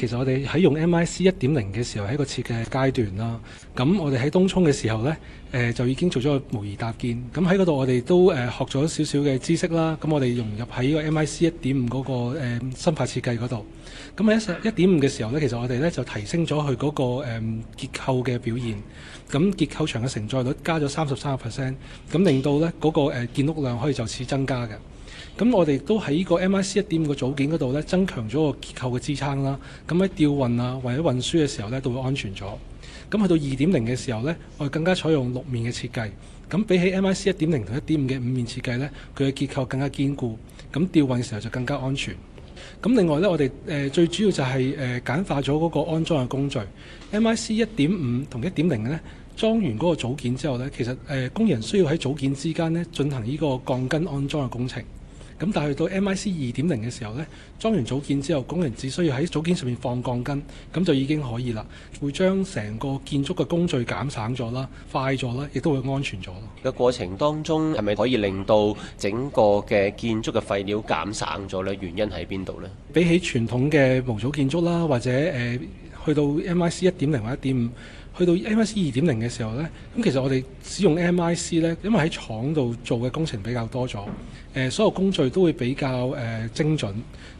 其實我哋喺用 MIC 一點零嘅時候係一個設計階段啦，咁我哋喺東涌嘅時候呢、呃，就已經做咗個模擬搭建，咁喺嗰度我哋都、呃、學咗少少嘅知識啦，咁我哋融入喺個 MIC 一點五嗰個誒、呃、深化設計嗰度，咁喺一點五嘅時候呢，其實我哋呢就提升咗佢嗰個結、呃、結構嘅表現，咁結構牆嘅承載率加咗三十三個 percent，咁令到呢嗰、那個建築量可以就此增加嘅。咁我哋都喺呢個 MIC 一點五嘅組件嗰度咧，增強咗個結構嘅支撐啦。咁喺吊運啊或者運輸嘅時候咧，都會安全咗。咁去到二點零嘅時候咧，我哋更加採用六面嘅設計。咁比起 MIC 一點零同一點五嘅五面設計咧，佢嘅結構更加堅固。咁吊運嘅時候就更加安全。咁另外咧，我哋、呃、最主要就係、是、誒、呃、簡化咗嗰個安裝嘅工序。MIC 一點五同一點零嘅咧，裝完嗰個組件之後咧，其實、呃、工人需要喺組件之間咧進行呢個鋼筋安裝嘅工程。咁但係去到 MIC 二點零嘅時候呢，裝完組件之後，工人只需要喺組件上面放鋼筋，咁就已經可以啦。會將成個建築嘅工序減省咗啦，快咗啦，亦都會安全咗。個過程當中係咪可以令到整個嘅建築嘅廢料減省咗呢？原因喺邊度呢？比起傳統嘅模組建築啦，或者、呃、去到 MIC 一點零或一點五。去到 MIC 二點零嘅時候呢，咁其實我哋使用 MIC 呢，因為喺廠度做嘅工程比較多咗，誒所有工序都會比較誒、呃、精準，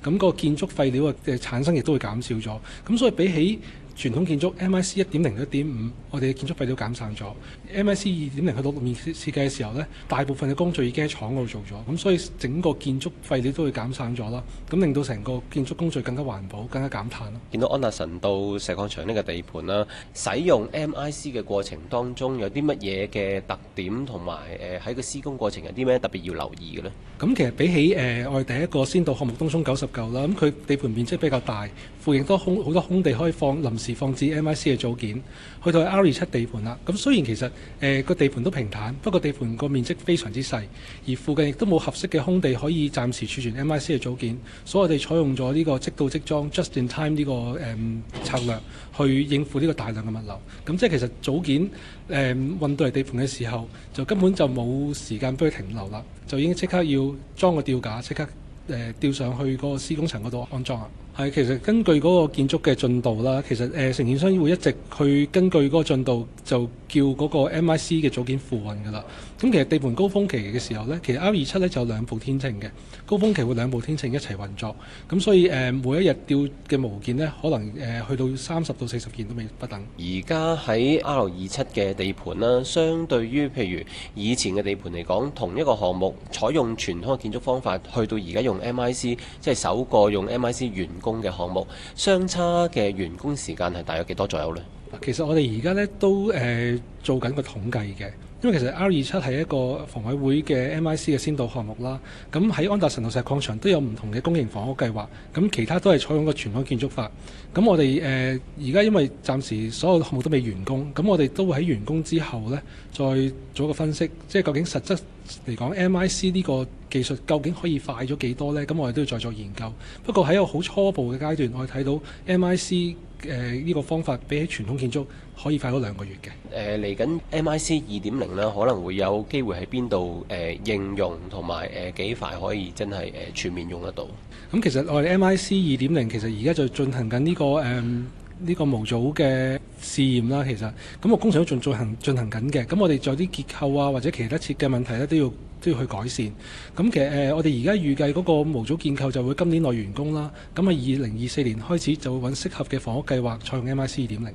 咁個建築廢料嘅產生亦都會減少咗，咁所以比起傳統建築 MIC 一點零一點五，我哋嘅建築費都減省咗。MIC 二點零去到綠面設計嘅時候咧，大部分嘅工序已經喺廠度做咗，咁所以整個建築廢料都會減省咗啦。咁令到成個建築工序更加環保，更加減碳咯。見到安達臣道石礦場呢個地盤啦，使用 MIC 嘅過程當中有啲乜嘢嘅特點同埋誒喺個施工過程有啲咩特別要留意嘅呢？咁其實比起誒、呃、我哋第一個先導項目東涌九十九啦，咁佢地盤面積比較大，附近多空好多空地可以放臨時。而放置 M I C 嘅組件，去到 R2-7 地盤啦。咁雖然其實個、呃、地盤都平坦，不過地盤個面積非常之細，而附近亦都冇合適嘅空地可以暫時儲存 M I C 嘅組件，所以我哋採用咗呢個即到即裝 just in time 呢、這個、嗯、策略去應付呢個大量嘅物流。咁即係其實組件誒、嗯、運到嚟地盤嘅時候，就根本就冇時間俾佢停留啦，就已經即刻要裝個吊架，即刻、呃、吊上去嗰個施工層嗰度安裝啦。係，其實根據嗰個建築嘅進度啦，其實誒承建商會一直去根據嗰個進度就叫嗰個 M I C 嘅組件付運㗎啦。咁其實地盤高峰期嘅時候呢，其實 R 二七呢就有兩部天秤嘅，高峰期會兩部天秤一齊運作。咁所以、呃、每一日吊嘅模件呢，可能、呃、去到三十到四十件都未不等。而家喺 R 二七嘅地盤啦，相對於譬如以前嘅地盤嚟講，同一個項目採用傳統嘅建築方法，去到而家用 M I C 即係首個用 M I C 完。工嘅項目相差嘅完工時間係大約幾多左右呢？其實我哋而家呢都誒、呃、做緊個統計嘅，因為其實 r 二七係一個房委會嘅 M I C 嘅先導項目啦。咁喺安達臣路石礦場都有唔同嘅公營房屋計劃，咁其他都係採用個全港建築法。咁我哋誒而家因為暫時所有項目都未完工，咁我哋都會喺完工之後呢再做一個分析，即係究竟實質嚟講 M I C 呢、這個，技術究竟可以快咗幾多呢？咁我哋都要再做研究。不過喺一個好初步嘅階段，我哋睇到 MIC 誒、呃、呢、呢個方法比起傳統建築可以快咗兩個月嘅。嚟、呃、緊 MIC 二點零啦，可能會有機會喺邊度誒應用，同埋誒幾快可以真係、呃、全面用得到。咁其實我哋 MIC 二點零其實而家就進行緊、呢、呢個誒呢、呃呢個模組嘅試驗啦。其實咁我工程都進進，進行進行緊嘅。咁我哋仲有啲結構啊或者其他設計問題咧都要。都要去改善，咁其實、呃、我哋而家預計嗰個模組建構就會今年內完工啦，咁啊，二零二四年開始就會揾適合嘅房屋計劃，採用 MiC 二點零。